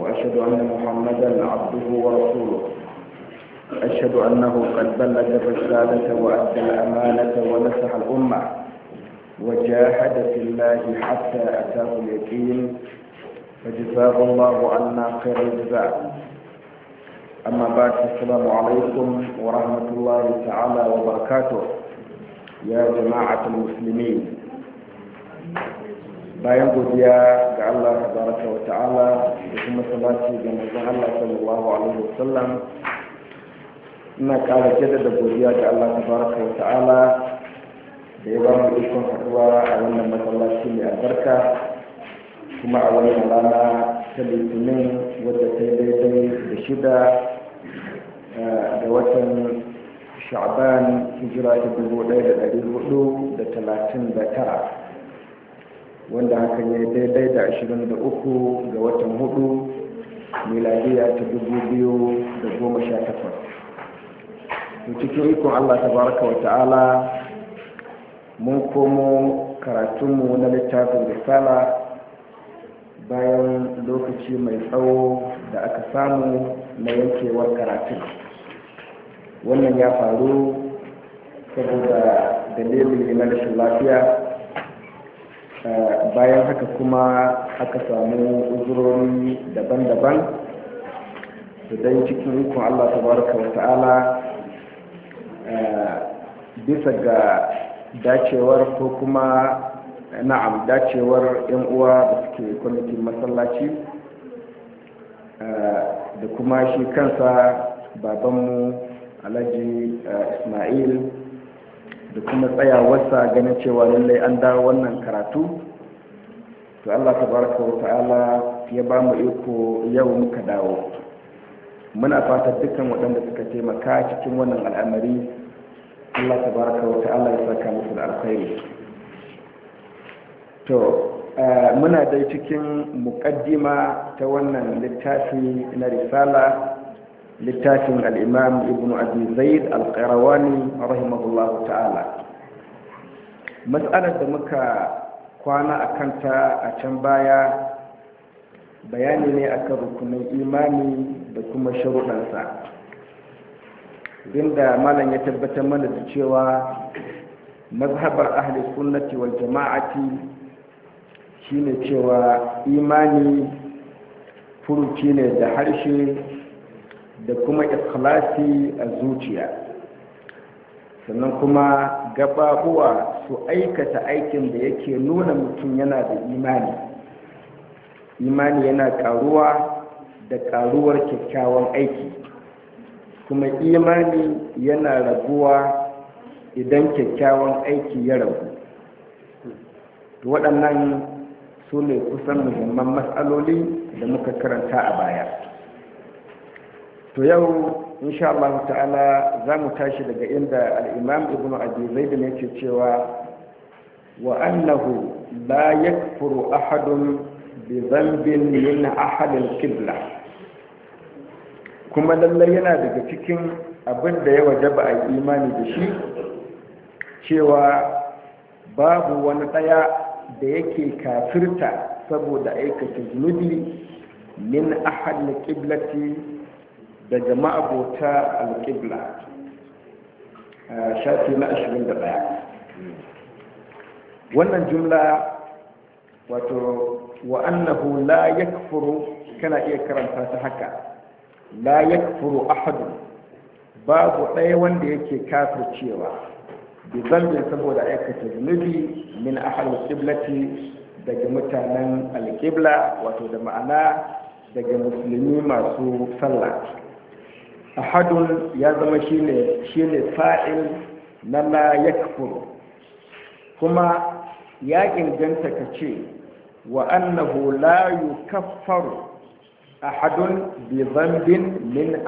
وأشهد أن محمدا عبده ورسوله أشهد أنه قد بلغ الرسالة وأدى الأمانة ونصح الأمة وجاهد في الله حتى أتاه اليقين فجزاه الله عنا خير الجزاء أما بعد السلام عليكم ورحمة الله تعالى وبركاته يا جماعة المسلمين bayan godiya ga Allah tabaraka wa ta'ala da kuma salati ga manzon Allah sallallahu alaihi wasallam ina kara kida da godiya ga Allah tabaraka wa ta'ala da ya ba mu ikon haduwa a wannan masallaci mai albarka kuma a wannan rana ta litinin wadda ta yi daidai da shida da eh, watan sha'ban hijira ta dubu ɗaya da ɗari hudu da talatin da tara wanda hakan ya daidai da 23 ga watan hudu miladiya ta da goma sha takwas. 2018 cikin ikon allah baraka wa ta'ala mun komo karatunmu na littafin risala bayan lokaci mai tsawo da aka samu na yankewar karatun wannan ya faru saboda dalilin na rashin lafiya bayan haka kuma aka samu uzurori daban-daban da dai cikin ikon allah tabaraka wa ta'ala eh, bisa ga dacewar ko kuma eh, na'am dacewar yan uwa da suke kwamitin masallaci eh, da kuma shi kansa babanmu alhaji ismail da kuma tsayawarsa ganin cewa lallai an dawo wannan karatu to allah tabaraka wa ta'ala ya ba mu iko yau muka dawo muna fata dukkan waɗanda suka taimaka cikin wannan al'amari allah tabaraka wa ta'ala ya saka musu da alkhairi to muna dai cikin muƙaddima ta wannan littafi na risala littafin al-Imam ibn abi zaid al-qarawani rahimahullahu ta'ala matsalar da muka kwana a kanta a can baya bayani ne akan rukunin imani da kuma sharuɗansa inda malam ya tabbatar mana da cewa mazhabar ahli sunnati wal jama'ati shine cewa imani furuci ne da harshe da kuma ikhlasi a zuciya sannan kuma gababuwa su aikata aikin da yake nuna mutum yana da imani imani yana karuwa da karuwar kyakkyawan aiki kuma imani yana raguwa idan kyakkyawan aiki ya ragu waɗannan su ne kusan muhimman matsaloli da muka karanta a baya to yau sha Allah ta'ala za mu tashi daga inda al'imam ibn abi zaidin yake cewa wa annahu la yakfuru ahadun bi zambin min ahadin kibla kuma lallai yana daga cikin abin da ya wajaba a imani da shi cewa babu wani ɗaya da yake kafirta saboda aikata zunubi min ahadin kiblati daga ma'abota alƙibla shafi na 21 wannan jumla wato wa annahu la yakfuru kana iya karanta ta haka la yakfuru ahadu babu ɗaya wanda yake cewa. bi zambin saboda aikata zunubi min ahal qiblati daga mutanen alƙibla wato da ma'ana daga musulmi masu sallah ahadun ya zama shine shine fa'il na la yakfur kuma ya inganta ka ce wa annahu la yukaffaru ahadun bi dhanbin min